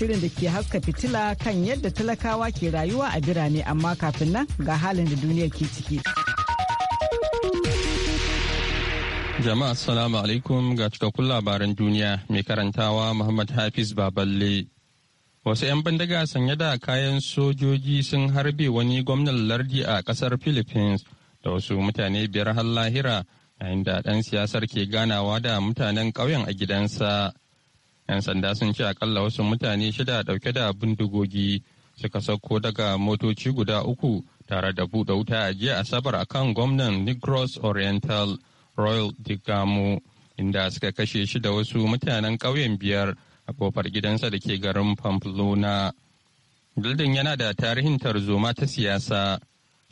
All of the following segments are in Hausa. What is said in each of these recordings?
shirin da ke haska fitila kan yadda talakawa ke rayuwa a birane amma kafin nan ga halin da duniya ke ciki. Jama'a assalamu alaikum ga cikakkun labaran duniya mai karantawa Muhammad Hafiz Baballe. Wasu 'yan bandaga sanye da kayan sojoji sun harbe wani gwamnan lardi a kasar Philippines da wasu mutane biyar har lahira yayin da ɗan siyasar ke ganawa da mutanen ƙauyen a gidansa. 'Yan sanda sun ce akalla wasu mutane shida dauke da bindigogi suka sauko daga motoci guda uku tare da buɗe wuta a jiya Asabar akan gwamnan Negros Oriental Royal Digamo inda suka kashe shi da wasu mutanen ƙauyen biyar a kofar gidansa da ke garin Pamplona. gildin yana da tarihin tarzoma ta siyasa.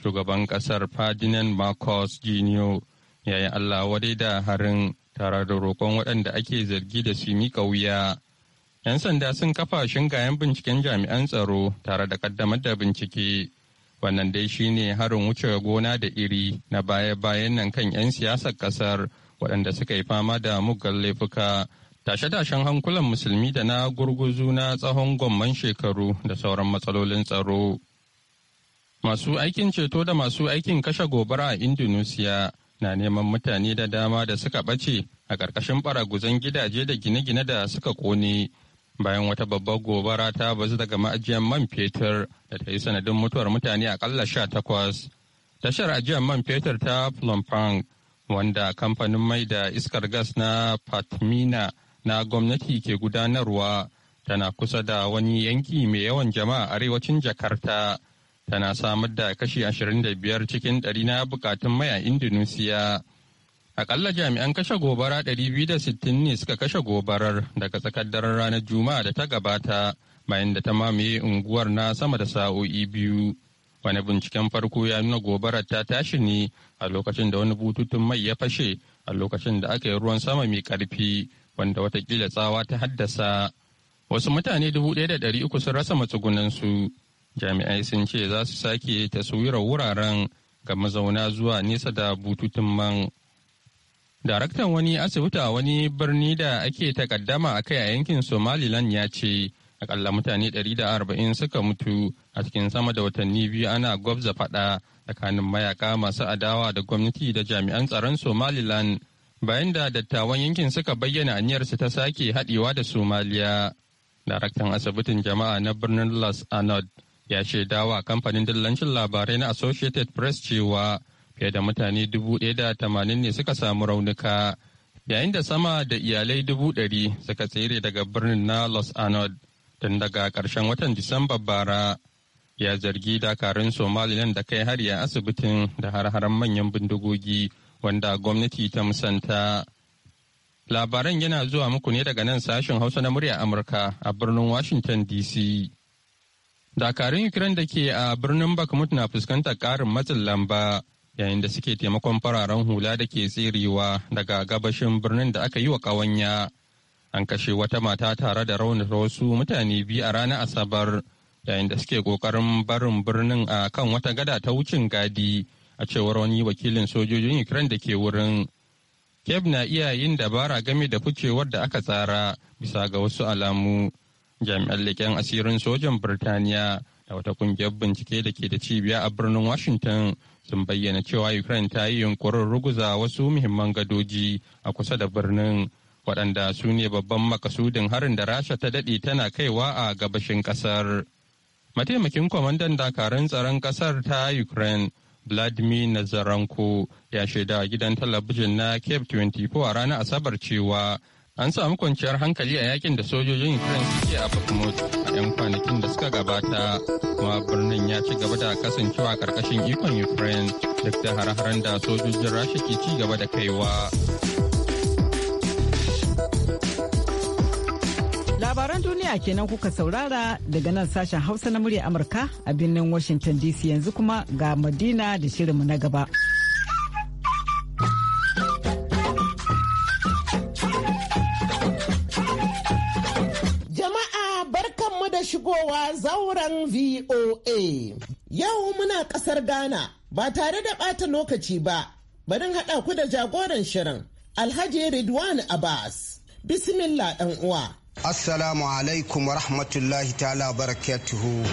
Shugaban ƙasar fadinan Marcos Jr. ya yi Allah wadai da harin tare da roƙon waɗanda ake zargi da su miƙa wuya. 'Yan sanda sun kafa shingayen binciken jami'an tsaro tare da ƙaddamar da bincike. Wannan dai shi ne harin wuce gona da iri na baya-bayan nan kan 'yan siyasar ƙasar waɗanda suka yi fama da muggan laifuka. Tashe-tashen hankulan musulmi da na gurguzu na tsawon gwamman shekaru da sauran matsalolin tsaro. Masu aikin ceto da masu aikin kashe gobara a Indonesia na neman mutane da dama da suka ɓace a ƙarƙashin baraguzan gidaje da gine-gine da suka ƙone bayan wata babbar gobara ta bazu daga ma'ajiyar man fetur da ta yi sanadin mutuwar mutane aƙalla sha takwas. Tashar ajiyar man fetur ta Plumpang wanda kamfanin mai da iskar gas na Patmina na gwamnati ke gudanarwa tana kusa da wani yanki mai yawan jama'a arewacin Jakarta tana samar da kashi 25 cikin ɗari na bukatun mai a Indonesia. Akalla jami'an kashe gobara ɗari biyu da sittin ne suka kashe gobarar daga tsakar daren ranar Juma'a da ta gabata bayan da ta mamaye unguwar na sama da sa'o'i biyu. Wani binciken farko ya nuna gobarar ta tashi ne a lokacin da wani bututun mai ya fashe a lokacin da aka yi ruwan sama mai ƙarfi wanda watakila tsawa ta haddasa. Wasu mutane dubu ɗari 1,300 sun rasa matsugunansu. su. jami'ai sun ce za su sake taswirar wuraren ga mazauna zuwa nesa da bututun man daraktan wani asibiti a wani birni da ake takaddama a kai a yankin somaliland ya ce akalla mutane 140 suka mutu a cikin sama da watanni biyu ana gwabza fada tsakanin mayaka masu adawa da gwamnati da jami'an tsaron somaliland bayan da dattawan yankin suka bayyana aniyarsu ta sake haɗewa da somaliya daraktan asibitin jama'a na birnin las anod ya shaidawa kamfanin dillancin labarai na associated press cewa fiye da mutane dubu da tamanin ne suka samu raunuka yayin da sama da iyalai dubu ɗari suka tsere daga birnin na los anod tun daga ƙarshen watan disamba bara ya zargi dakarun somaliland da kai hari a asibitin da har-haren manyan bindigogi wanda gwamnati ta musanta labaran yana zuwa muku ne daga nan sashen hausa na murya amurka a birnin washington dc dakarun ukraine da ke a birnin bakhmut na fuskantar karin matsin lamba yayin da suke taimakon fararen hula da ke tserewa daga gabashin birnin da aka yi wa ƙawanya an kashe wata mata tare da raunata wasu mutane biyu a ranar asabar yayin da suke ƙoƙarin barin birnin a kan wata gada ta wucin gadi a cewar wani wakilin sojojin ukraine da ke wurin kev na iya yin dabara game da ficewar da aka tsara bisa ga wasu alamu jami'an leken asirin sojan birtaniya da wata ƙungiyar bincike da ke da cibiya a birnin washington sun bayyana cewa ukraine ta yi yunkurin ruguza wasu muhimman gadoji a kusa da birnin waɗanda su ne babban makasudin harin da rasha ta daɗe tana kaiwa a gabashin ƙasar mataimakin kwamandan dakarun tsaron ƙasar ta ukraine vladimir nazaranko ya shaida gidan talabijin na cape 24 a ranar asabar cewa an samu kwanciyar hankali a yakin da sojojin ukraine suke a bakhmut a 'yan kwanakin da suka gabata kuma birnin ya ci gaba da kasancewa karkashin ikon ukraine duk da har da sojojin rasha ke ci gaba da kaiwa labaran duniya kenan kuka saurara daga nan sashen hausa na murya amurka a birnin washington dc yanzu kuma ga madina da shirinmu na gaba. zauren VOA. Yau muna ƙasar Ghana ba tare da ɓata lokaci ba, barin haɗa ku da jagoran shirin Alhaji Ridwan Abbas. Bismillah ɗan uwa. Assalamu alaikum wa rahmatullahi ta'ala barakatuhu.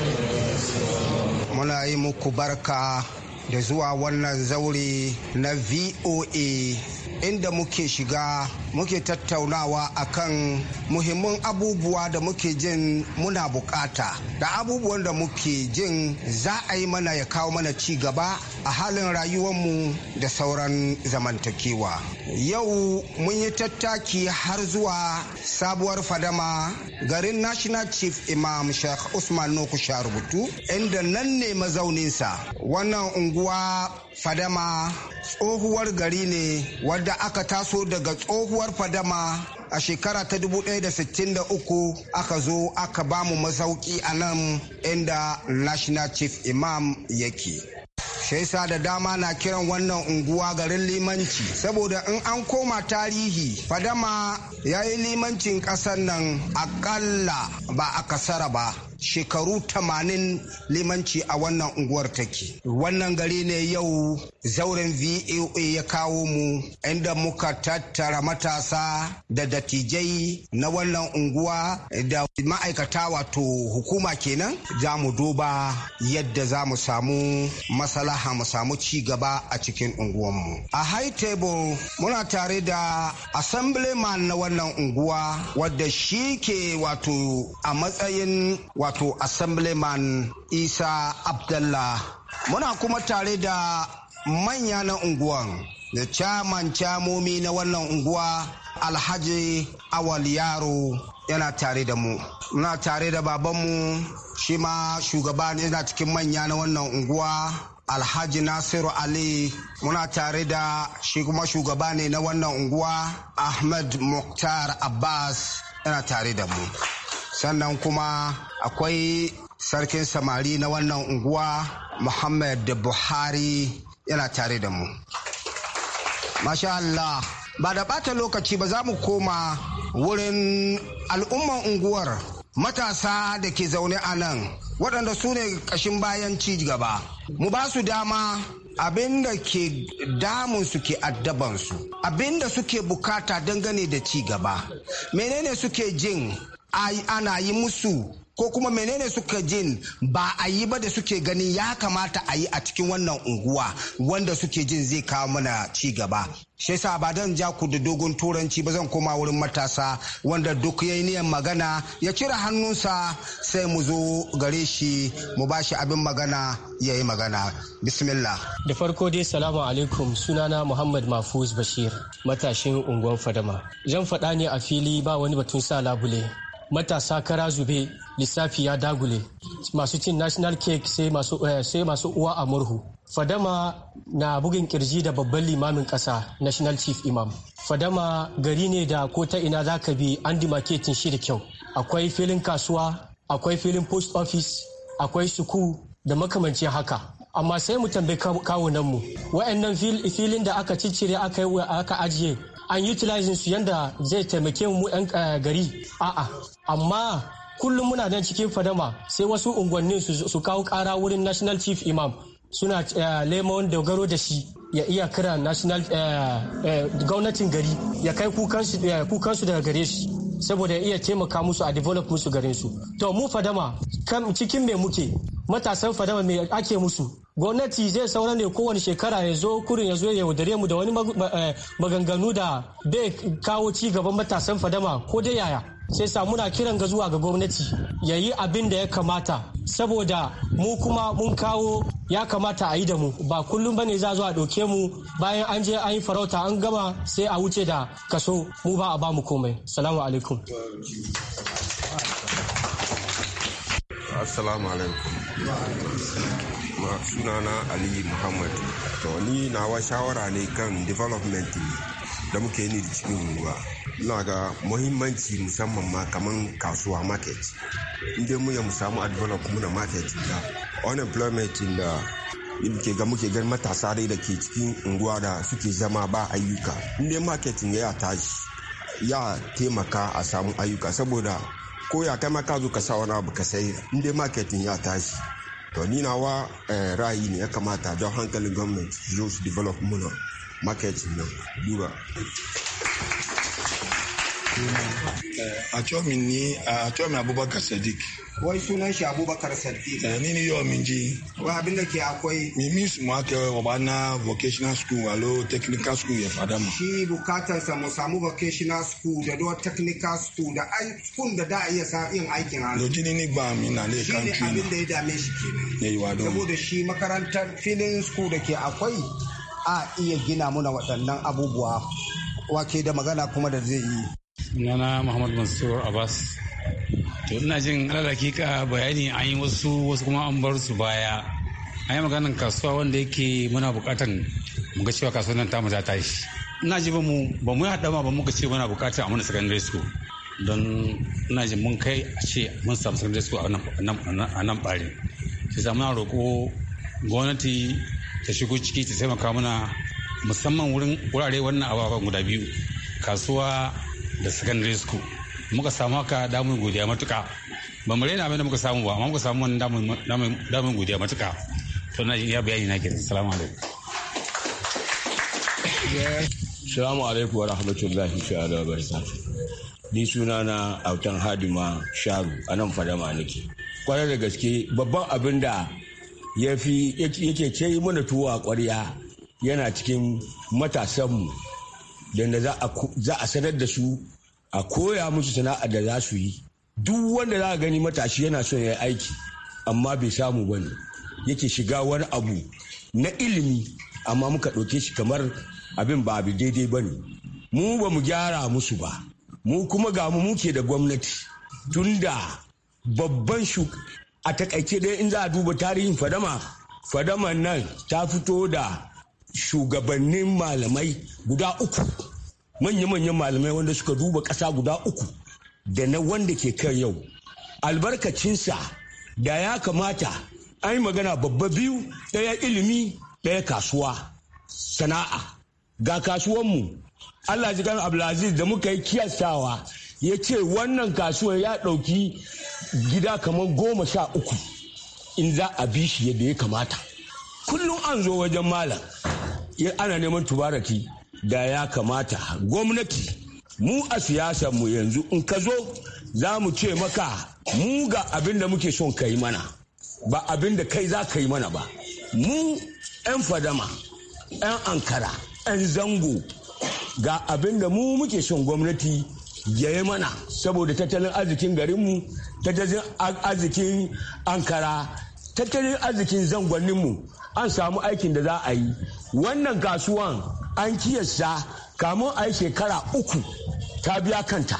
Muna yi muku barka da zuwa wannan zaure na VOA inda muke shiga muke tattaunawa akan muhimman abubuwa da muke jin muna bukata da abubuwan da muke jin za a yi mana ya kawo mana ci gaba a halin rayuwarmu da sauran zamantakewa yau mun yi tattaki har zuwa sabuwar fadama garin national chief imam sheikh usman noku rubutu inda nan ne mazauninsa wannan unguwa fadama tsohuwar gari ne wadda aka taso daga tsohuwar fadama a shekara ta 1963 aka zo aka ba mu masauki a nan inda national chief imam yake shaisa da dama na kiran wannan unguwa garin limanci saboda in an koma tarihi fadama ya yi limancin ƙasar nan akalla ba a kasara ba shekaru tamanin limanci a wannan unguwar take wannan gari ne yau zauren voa ya kawo mu inda muka tattara matasa da dattijai na wannan unguwa da ma'aikata wato hukuma kenan za mu duba yadda za mu samu masalaha mu samu ci gaba a cikin mu a high table muna tare da assemblyman na wannan unguwa wadda shi ke wato a matsayin wato assemblyman isa Abdullah muna kuma tare da manya na unguwan da caman camomi na wannan unguwa alhaji awal yaro yana tare da mu muna tare da babanmu shi ma shugaba yana cikin manya na wannan unguwa alhaji nasiru ali muna tare da shi kuma shugaba ne na wannan unguwa ahmed muktar abbas yana tare da mu sannan kuma akwai sarkin samari na wannan unguwa muhammad buhari yana tare da mu masha Allah ba da bata lokaci ba za mu koma wurin al'umman unguwar matasa da ke zaune a nan waɗanda su ne ƙashin bayan ci gaba mu ba su dama abinda ke damun su ke addabansu abinda suke bukata dangane da ci gaba menene suke jin ana yi musu ko kuma menene suka jin ba a yi ba da suke ganin ya kamata a yi a cikin wannan unguwa wanda suke jin zai kawo mana ci gaba shi sa ba dan ja ku da dogon turanci ba zan koma wurin matasa wanda duk yayi niyan magana ya cire hannunsa sai mu zo gare shi mu ba shi abin magana ya yi magana bismillah da farko dai salamu alaikum sunana muhammad mafuz bashir matashin unguwan fadama zan faɗa ne a fili ba wani batun sa labule matasa kara zube lissafi ya dagule masu cin national cake sai masu eh, uwa a murhu fadama na bugun kirji da babban limamin kasa national chief imam fadama gari ne da ko ta ina za ka bi an dimaketin shi da kyau akwai filin kasuwa akwai filin post office akwai suku da makamancin haka amma sai mu tambayi kawunanmu wa'annan filin da aka ciccire aka ajiye an utilizing su yanda zai taimake mu 'yan eh, gari a'a amma kullum muna nan cikin fadama sai wasu unguwannin su kawo kara wurin national chief imam suna eh, lemon dogaro da shi ya iya kira national eh, eh, gwamnatin gari ya kai kukansu daga gare shi saboda ya iya taimaka musu a develop musu garin su to mu fadama cikin me muke matasan fadama me ake musu gwamnati zai saura ne kowane shekara ya zo kurin ya zo ya yaudare mu da wani eh, maganganu da bai kawo ci gaban matasan fadama ko dai yaya sai sa muna kiran ga zuwa ga gwamnati ya yi abin da ya kamata saboda mu kuma mun kawo ya kamata a yi da mu ba kullum ba ne za zuwa ɗauke mu bayan an je an yi farauta an gama sai a wuce da kaso mu ba a ba mu komai salamu alaikum assalamu alaikum sunana ali muhammad to ni nawa shawara ne kan development da muke yi da cikin unguwa na ga muhimmanci musamman ma kaman kasuwa market inda mu ya mu samu advana kuma na market da unemployment da muke ga muke gan matasa dai da ke cikin unguwa da suke zama ba ayyuka inda marketing ya tashi ya taimaka a samu ayyuka saboda ko ya kai maka zo ka sa wani abu ka sai inda marketing ya tashi to ni nawa eh, ra'ayi ne ya kamata don hankalin gwamnati zo su develop muna market nan dura a comin ni a comin abubakar sadiq wai sunan shi abubakar sadiq da eh, ni ni y'o min ji wa abinda ke akwai mi mi su ma ke wa na vocational school alo technical school ya fada mu shi bukatar sa mu samu vocational school da do technical school da ai kun da da iya sa yin aikin hannu lojini ni ba mi na ne country ne abinda ya dame shi kenan ne yi wa don saboda shi makarantar filin school da ke akwai a iya gina muna waɗannan abubuwa wake da magana kuma da zai yi. Nana Muhammad Mansur Abbas. To ina jin alal hakika bayani an yi wasu wasu kuma an bar su baya. An yi maganin kasuwa wanda yake muna bukatan mu ga cewa kasuwa nan tamu ta shi. Ina ji ba mu ba mu haɗa ma ba muka ce muna bukatan a mana secondary school. Don ina ji mun kai a ce mun samu secondary school a nan ɓarin. Sai muna roƙo gwamnati ta shigo ciki ta taimaka mana musamman wurin wurare wannan ababen guda biyu kasuwa da secondary school muka samu haka damun godiya matuka ba mu raina abin da muka samu ba amma muka samu wannan damun godiya matuka to na ya bayani na kenan assalamu alaikum assalamu alaikum wa rahmatullahi ta'ala wa barakatuh ni sunana autan hadima sharu anan fadama nake kwarar da gaske babban abin da ya fi yake ce mana tuwo a kwarya yana cikin matasanmu da za a sanar da su a koya musu sana'a da za su yi duk wanda za a gani matashi yana son ya yi aiki amma bai samu ba yake shiga wani abu na ilimi amma muka ɗauke shi kamar abin ba abu daidai ba ne mu ba mu gyara musu ba mu kuma ga mu muke da gwamnati tunda babban a takaice dai in za a duba tarihin fadama fadama nan ta fito da shugabannin malamai guda uku manya-manyan malamai wanda suka duba ƙasa guda uku da na wanda ke kan yau albarkacinsa da ya kamata an yi magana babba biyu ɗaya ilimi ɗaya kasuwa sana'a ga kasuwanmu allah ji kan abdulaziz da muka yi kiyastawa ya ce wannan kasuwar ya ɗauki gida kamar goma sha uku in za a bi shi yadda ya kamata kullum an zo wajen malam ana neman tubaraki da ya kamata gwamnati mu a siyasar mu yanzu in ka zo za mu ce maka mu ga abin da muke son ka yi mana ba abin da kai za ka yi mana ba mu 'yan fadama 'yan ankara 'yan zango ga abin da mu muke son gwamnati ya yi mana saboda tattalin arzikin garinmu tattalin arzikin ankara tattalin arzikin zangoninmu an samu aikin da za a yi wannan kasuwan an kiyasta kamun a yi shekara uku ta biya kanta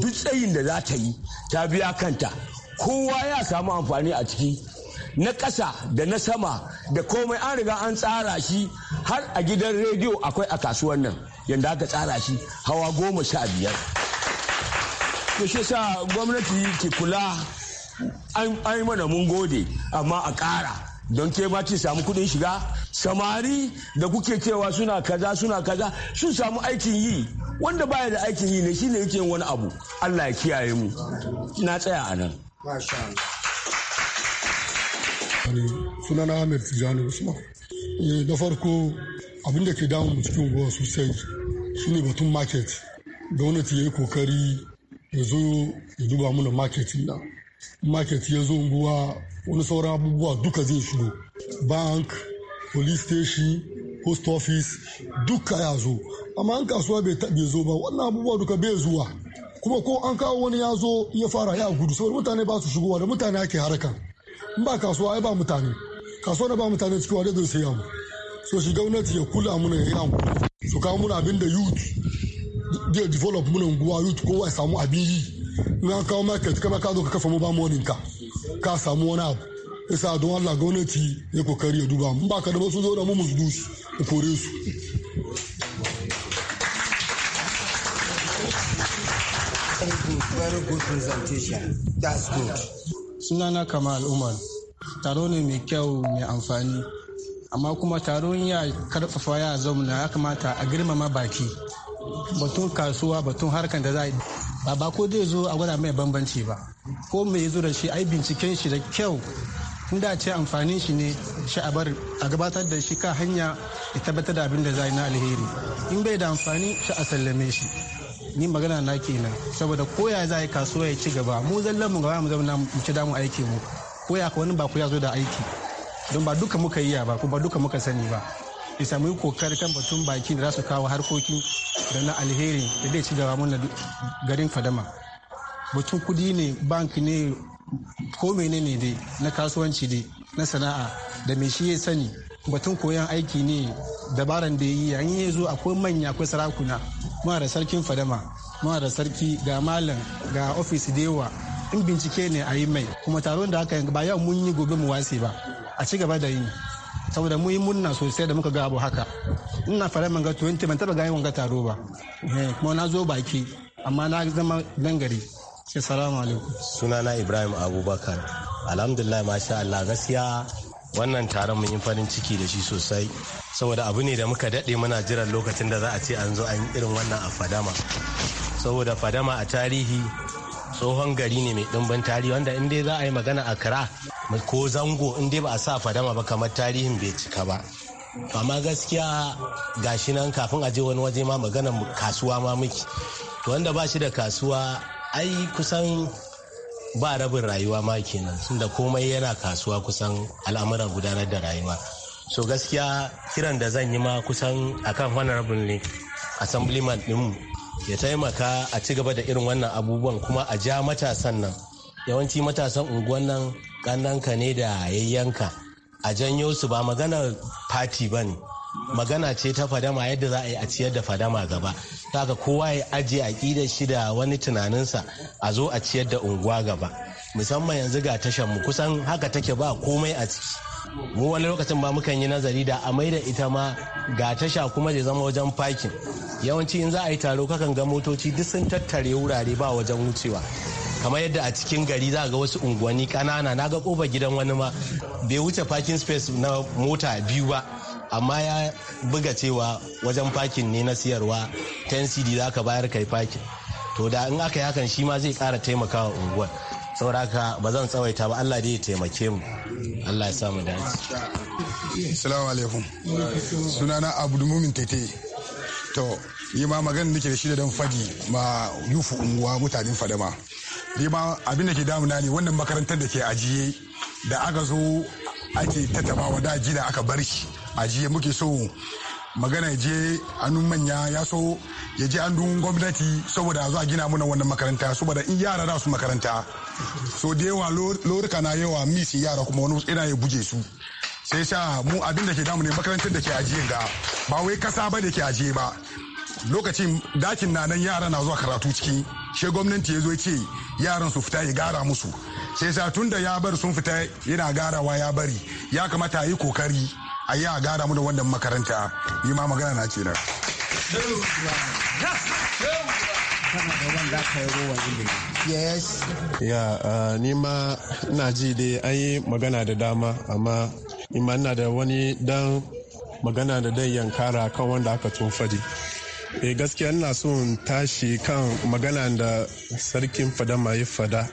duk tsayin da za ta yi ta biya kanta kowa ya samu amfani a ciki na ƙasa da na sama da komai an riga an tsara shi har a gidan rediyo akwai a kasuwan nan yadda aka tsara shi hawa goma sha biyar. da shi sa gwamnati ke kula an yi mana mun gode amma a kara don ke ma ci samu kuɗin shiga samari da kuke cewa suna kaza suna kaza sun samu aikin yi wanda baya da aikin yi ne shi ne yake wani abu Allah ya kiyaye mu na tsaya a nan sunana Ahmed Tijani Usman eh, na farko abinda ke damu cikin gowa sosai shine batun market gwamnati ya yi kokari ya zo ya duba mana marketing nan market ya zo unguwa wani sauran abubuwa duka zai shigo bank police station post office duka ya zo amma an kasuwa bai zo ba wannan abubuwa duka bai zuwa kuma ko an kawo wani ya zo ya fara ya gudu saboda mutane ba su shigowa da mutane ake haraka in ba kasuwa ai ba mutane kasuwa da ba mutane cikin wadda zai saya mu so shi gwamnati ya kula muna ya yi hankali su kawo muna abin da youth dey develop muna unguwa youth kowa ya samu abin yi na kawo market kama ka zo ka kafa mobile money ka ka samu wani abu isa don Allah gwamnati ya kokari ya duba mun baka da wasu zo da mu musu dusu ku kore su sunana kamal umar taro ne mai kyau mai amfani amma kuma taron ya karfafa ya zauna ya kamata a girmama baki batun kasuwa batun harkar da za a yi ba ba ko zai zo a gwada mai bambanci ba ko mai zo da shi ai binciken shi da kyau inda ce amfanin shi ne shi a bar a gabatar da shi ka hanya ya tabbatar da abin da za yi na alheri in bai da amfani shi a sallame shi ni magana na kenan saboda koya za yi kasuwa ya ci gaba mu zallan mu gaba mu zama mu ci damu aiki mu koya ka wani ba ku ya zo da aiki don ba duka muka yi ba ko ba duka muka sani ba isa mu yi kan batun baki da za su kawo harkokin da na alheri da zai ci gaba mana garin fadama batun kudi ne bank ne ko ne dai na kasuwanci dai na sana'a da me shi ya sani batun koyan aiki ne dabaran da ya yi yayin ya zo akwai manya akwai sarakuna muna da sarkin fadama muna da sarki ga malam ga ofis da yawa in bincike ne a yi mai kuma taron da haka ba yau mun yi gobe mu wasi ba a ci gaba da yi saboda mu yi munna sosai da muka ga abu haka ina fara manga 20 ban taba gani ga taro ba eh, kuma na zo baki amma na zama dangare assalamu alaikum sunana ibrahim abubakar alhamdulillah masha Allah gaskiya wannan taron mun yi farin ciki da shi sosai saboda abu ne da muka daɗe muna jiran lokacin da za a ce an zo an yi irin wannan a fadama saboda fadama a tarihi tsohon gari ne mai ɗimbin tarihi wanda in dai za a yi magana a kira ko zango in dai ba a sa fadama ba kamar tarihin bai cika ba amma gaskiya gashi nan kafin a je wani waje ma magana kasuwa ma miki to wanda ba shi da kasuwa ai kusan ba rabin rayuwa ma kenan tunda komai yana kasuwa kusan al'amuran gudanar da rayuwa so gaskiya kiran da zan yi ma kusan akan rabin ne assemblyman mu. ya taimaka a ci gaba da irin wannan abubuwan kuma a ja matasan nan yawanci matasan unguwan nan ƙannanka ne da yayyanka a janyo su ba magana fati ba ne magana ce ta fadama yadda za a yi a ciyar da fadama gaba ga kowa ya ajiye aƙidar shi da wani tunaninsa a zo a ciyar da unguwa gaba musamman yanzu ga tashanmu mu kusan haka take ba komai a ciki mu wani lokacin ba mukan yi nazari da a maida ita ma ga tasha kuma da zama wajen fakin yawanci in za a yi taro kakan ga motoci duk sun tattare wurare ba wajen wucewa kamar yadda a cikin gari za ga wasu unguwanni kanana na ga kofar gidan wani ma bai wuce parking space na mota biyu ba amma ya buga cewa wajen parking ne na siyarwa 10 cd za ka bayar kai fakin to da in aka yi hakan shi ma zai kara taimakawa unguwar sauraka ba zan tsawaita ba Allah da ya taimake mu Allah ya samu dace assalamu alaikum sunana abdulmumin tete to ni ma magana nake da shi da dan fadi ma yufu unguwa mutanen fadama ni ma abin da ke damuna ne wannan makarantar da ke ajiye da aka zo ake tattabawa da da aka bar shi ajiye muke so magana ya je hannun manya ya so ya je hannun gwamnati saboda za a gina muna wannan makaranta saboda in yara na su makaranta so da yawa lorika na yawa misi yara kuma wani ina ya buje su sai sa mu abin da ke damu ne makarantar da ke ajiye ga ba wai kasa ba da ke ajiye ba lokacin dakin na nan yara na zuwa karatu ciki shi gwamnati ya zo ce yaran su fita ya gara musu sai sa tun da ya bar sun fita yana garawa ya bari ya kamata a yi kokari a yi a gara mu da wannan makaranta yi ma magana na ce Ya, ni ma ina ji dai an yi magana da dama amma ima ina da wani dan magana da dai yankara kan wanda aka fadi. e gaskiya ina so tashi kan magana da sarkin fadama ya fada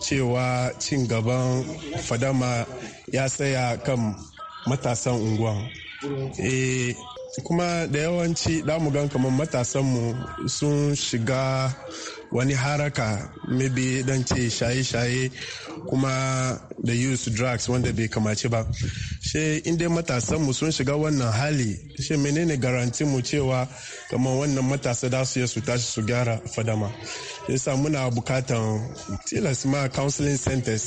cewa cin gaban fadama ya tsaya kan matasan unguwa e, kuma da yawanci damu gan kamar matasanmu sun shiga wani haraka maybe dan ce shaye-shaye kuma da use drugs wanda bai kamace ba she inda matasan mu sun shiga wannan hali she menene garanti mu cewa kamar wannan matasa da su su tashi su gyara fadama yasa muna bukatan tilas ma counseling centers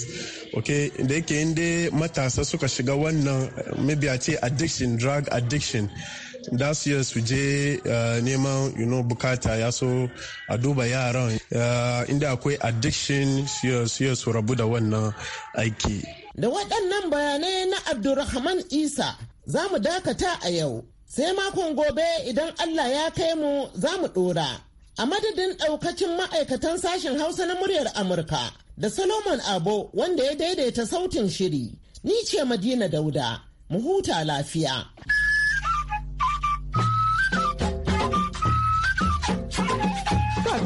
okay da yake inda matasa suka shiga wannan maybe a ce addiction drug addiction da su iya su je uh, neman you know, bukata ya so a duba yaran uh, inda akwai addiction su su rabu da wannan aiki da waɗannan bayanai na abdulrahman isa za mu dakata a yau sai makon gobe idan allah ya kai mu za mu ɗora a madadin ɗaukacin ma'aikatan sashen hausa na muryar amurka da solomon abo wanda ya daidaita sautin shiri ni ce madina dauda mu huta lafiya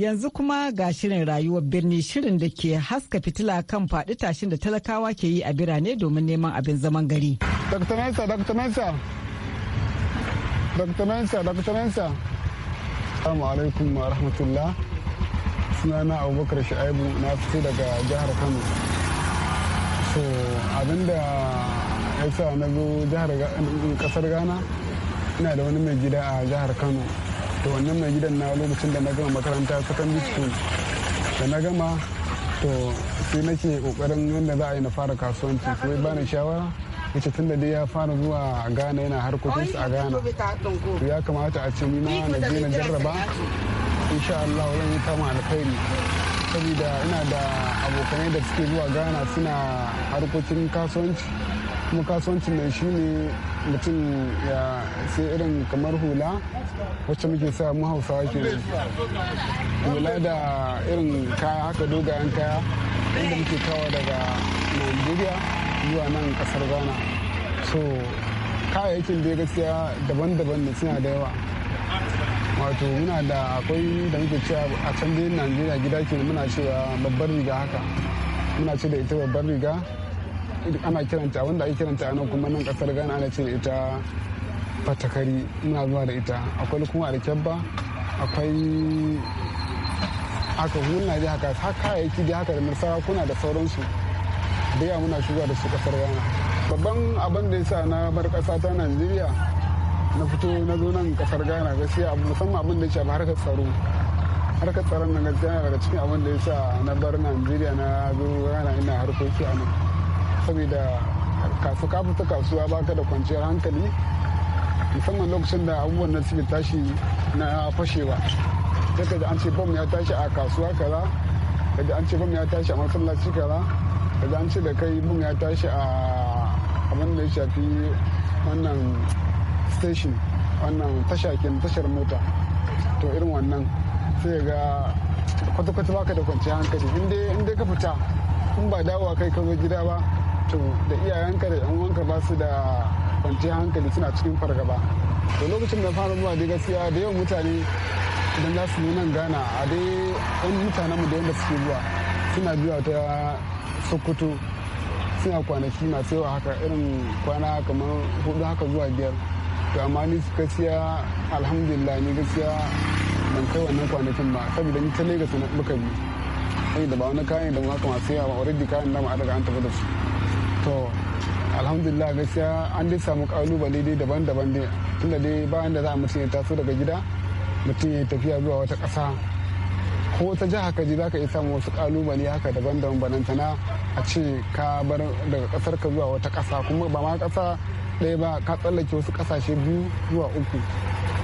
Yanzu kuma ga shirin rayuwar birni shirin da ke haska fitila kan faɗi tashin da talakawa ke yi a birane domin neman abin zaman gari. Sunana Abubakar shaibu na fito daga jihar Kano. So abinda ya sa na zo jihar kasar Ghana ina da wani mai gida a jihar Kano. to wannan mai gidan na lokacin da na gama makaranta secondary school da na gama to sai nake kokarin yadda za a yi na fara kasuwanci sai bani shawara yace tun da dai ya fara zuwa a ghana yana harkokinsu a ghana to ya kamata a ce ni ma na je na jarraba insha Allah zan yi kama alkhairi saboda ina da abokanai da suke zuwa gana suna harkokin kasuwanci kuma kasuwancin nan shi ne mutum ya sai irin kamar hula wacce muke sa mu hausawa ke hula da irin kaya haka dogayen kaya inda muke kawo daga nigeria zuwa nan kasar ghana so kayayyakin da gaskiya daban-daban ne suna da yawa wato muna da akwai da muke cewa a can dai najeriya gida ke muna cewa babbar riga haka muna ce da ita babbar riga ana kiranta wanda ake kiranta a nan kuma nan kasar ghana ana ce da ita fatakari muna zuwa da ita akwai kuma alkyabba akwai haka muna ji haka har kayayyaki da haka da mai kuna da sauransu da yawa muna shigowa da su kasar ghana babban abin da ya sa na bar kasa ta najeriya na fito na zo nan kasar ghana gaskiya musamman abin da ya shafi harkar tsaro harkar tsaron nan gaskiya daga cikin abin da ya sa na bar najeriya na zo ghana ina harkoki a nan saboda kasu kafa ta kasuwa baka da kwanciyar hankali musamman lokacin da abubuwan nan suke tashi na fashewa daga da an ce bam ya tashi a kasuwa kaza da an ce bam ya tashi a masallaci kaza da an ce da kai bam ya tashi a abin da ya shafi wannan station wannan tashakin tashar mota to irin wannan sai ga kwata-kwata baka da kwanciyar hankali in dai ka fita in ba dawowa kai ka zo gida ba to da iyayenka da yan uwanka ba su da kwanciyar hankali suna cikin fargaba to lokacin da fara zuwa dai gaskiya da yawan mutane idan za su yi nan gana a dai yan mutanen mu da yadda suke zuwa suna zuwa ta sokoto suna kwanaki masu yawa haka irin kwana kamar hudu haka zuwa biyar to amma ni gaskiya alhamdulillah ni gaskiya ban kai wannan kwanakin ba saboda ni ta lagos muka bi da ba wani kayan da haka masu yawa already kayan da ma'adaka an tafi da su to alhamdulillah gaskiya an dai samu kalubale dai daban-daban dai tunda dai bayan da za a mutum ya taso daga gida mutum ya tafiya zuwa wata ƙasa ko wata jiha ka ji za ka iya samun wasu kalubale haka daban-daban banantana a ce ka bar daga ƙasar ka zuwa wata ƙasa kuma ba ma ƙasa ɗaya ba ka tsallake wasu ƙasashe biyu zuwa uku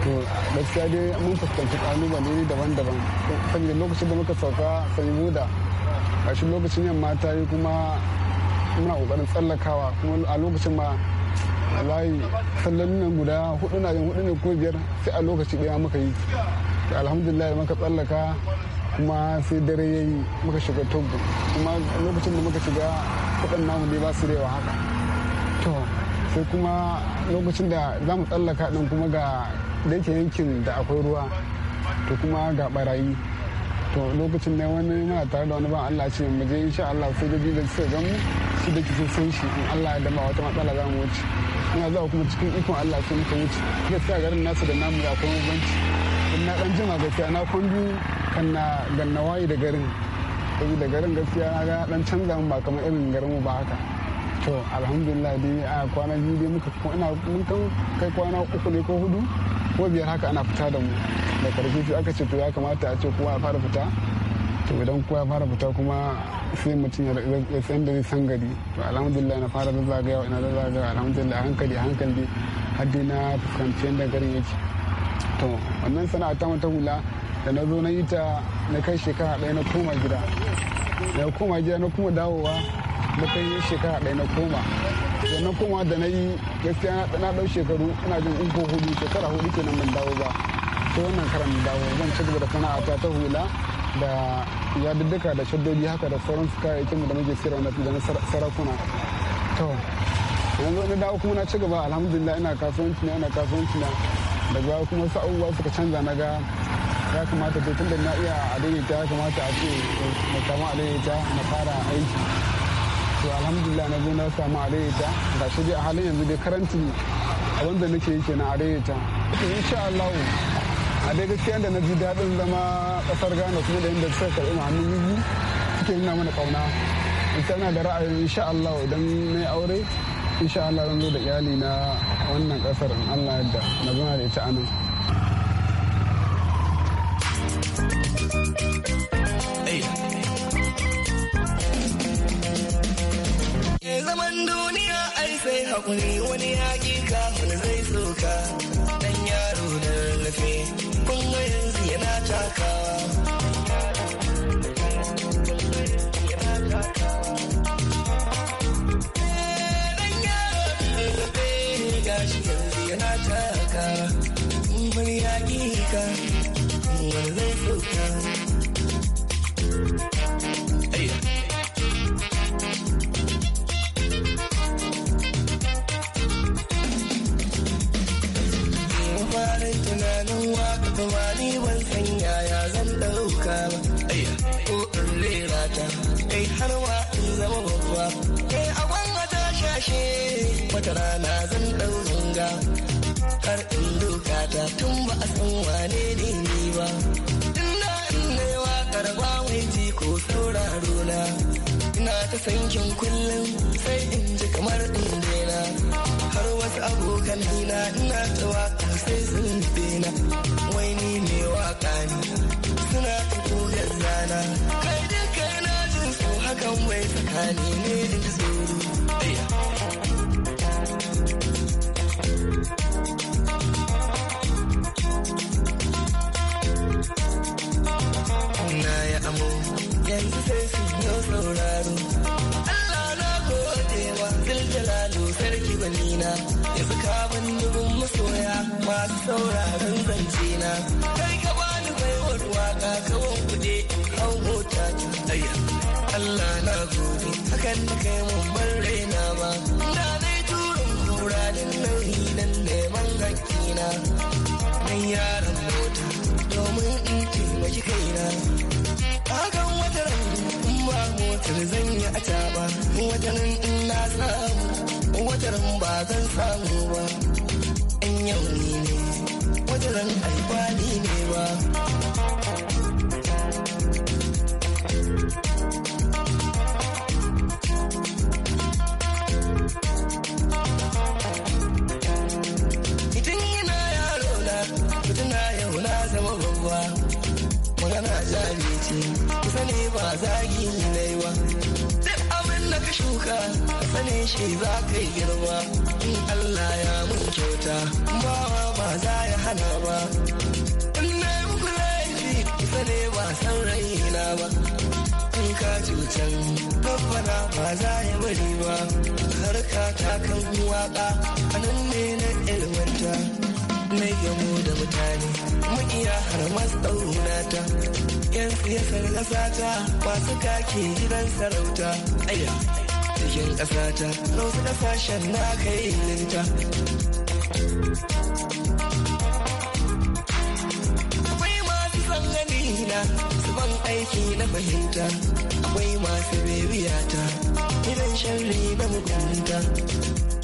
to gaskiya dai mun fuskanci kalubale daban-daban saboda lokacin da muka sauka sanyi buda ƙarshen lokacin yamma ta yi kuma muna kokarin tsallakawa kuma a lokacin ma wallahi sallan nan guda hudu na yin hudu ne ko biyar sai a lokaci daya muka yi alhamdulillah muka tsallaka kuma sai dare ya yi muka shiga tobu kuma lokacin da muka shiga kudin namu ne ba su da yawa haka to sai kuma lokacin da za mu tsallaka din kuma ga da yake yankin da akwai ruwa to kuma ga barayi to lokacin ne wani muna tare da wani ban Allah ce mu je insha Allah sojoji da sai gan mu su da kisa sun shi in Allah ya dama wata matsala za mu wuce ina zuwa kuma cikin ikon Allah sai muka wuce gaskiya garin nasu da namu da akwai banci na dan jima gaskiya na kwandu kan na ganna wayi da garin da garin gaskiya na ga dan canza mu ba kamar irin garin mu ba haka to alhamdulillah dai a kwana biyu dai muka ina mun kai kwana uku ne ko hudu ko biyar haka ana fita da mu da karfi sai aka ce to ya kamata a ce kowa ya fara fita to idan kowa ya fara fita kuma sai mutum ya san da zai san gari to alhamdulillah na fara zazzagawa ina zazzagawa alhamdulillah hankali hankali har dai na fuskanci yadda garin yake to wannan sana'a ta mata hula da na zo na yi ta na kai shekara ɗaya na koma gida na koma gida na kuma dawowa na kai shekara ɗaya na koma da na koma da na yi gaskiya na ɗau shekaru ina jin uku hudu shekara hudu kenan ban dawo ba ko wannan karan da zan ci gaba da a ta hula da duka da shaddobi haka da sauran su kayayyakin da muke sayarwa da na sarakuna to yanzu na dawo kuma na ci gaba alhamdulillah ina kasuwanci na ina kasuwanci na da ga kuma su abubuwa suka canza na ga ya kamata to tun da na iya a daidaita ya kamata a ce na samu a daidaita na fara aiki to alhamdulillah na zo na samu a daidaita ga shi dai a halin yanzu dai karantin abinda da nake yake na a daidaita insha Allah a dai gaskiya da na ji daɗin zama ƙasar ghana kuma da yadda suka karɓi hannun yuyu suke nuna mana ƙauna tana da ra'ayin insha Allah idan na yi aure insha Allah zan zo da iyali na wannan ƙasar in Allah yadda na zama da ita anan. Hey. Hey, sai hakuri wani yaƙi ka wani zai soka dan yaro da lafi kuma yanzu yana takawa ashe wata rana zan ɗau zunga har in doka ta tun ba a san wane ne ni ba ina ne wa ba mai ji ko sauraro na ina ta sankin kullum sai in ji kamar in daina har wasu abokan nina ina ta waka sai sun daina wai ni ne waka ne suna ta koyar zana kai duka na jin su hakan wai tsakani ne na yanzu ka ban dubin masoya masu sauraron zance na kai ka bani baiwar waka kawon kuɗe hau hota ta Allah na gobe hakan da kai mun bar raina ba na dai turin kura da nauyi nan neman hakkina dan yaran mota domin in taimaki kaina hakan wata ran in ba motar zan yi a taba wata nan in ba zan samu ba in yau ni ne wajen alfani ne ba Magana ce, kusa ne ba zagi ne. shuka sane shi za ka yi girma in Allah ya mun kyauta bawa ba za ya hana ba in na yi muku laifi sane ba san raina ba in ka cutar babbana ba za ya bari ba har ka takan waka a nan ne na ilmanta na gamo da mutane makiya har masauna ta yan siyasar ƙasa ta masu kake gidan sarauta aya cikin ƙasata na wasu ƙasashen da aka yi ninta. Akwai masu zangani na su ban aiki na fahimta, akwai masu bebiyata, idan sharri na mutunta.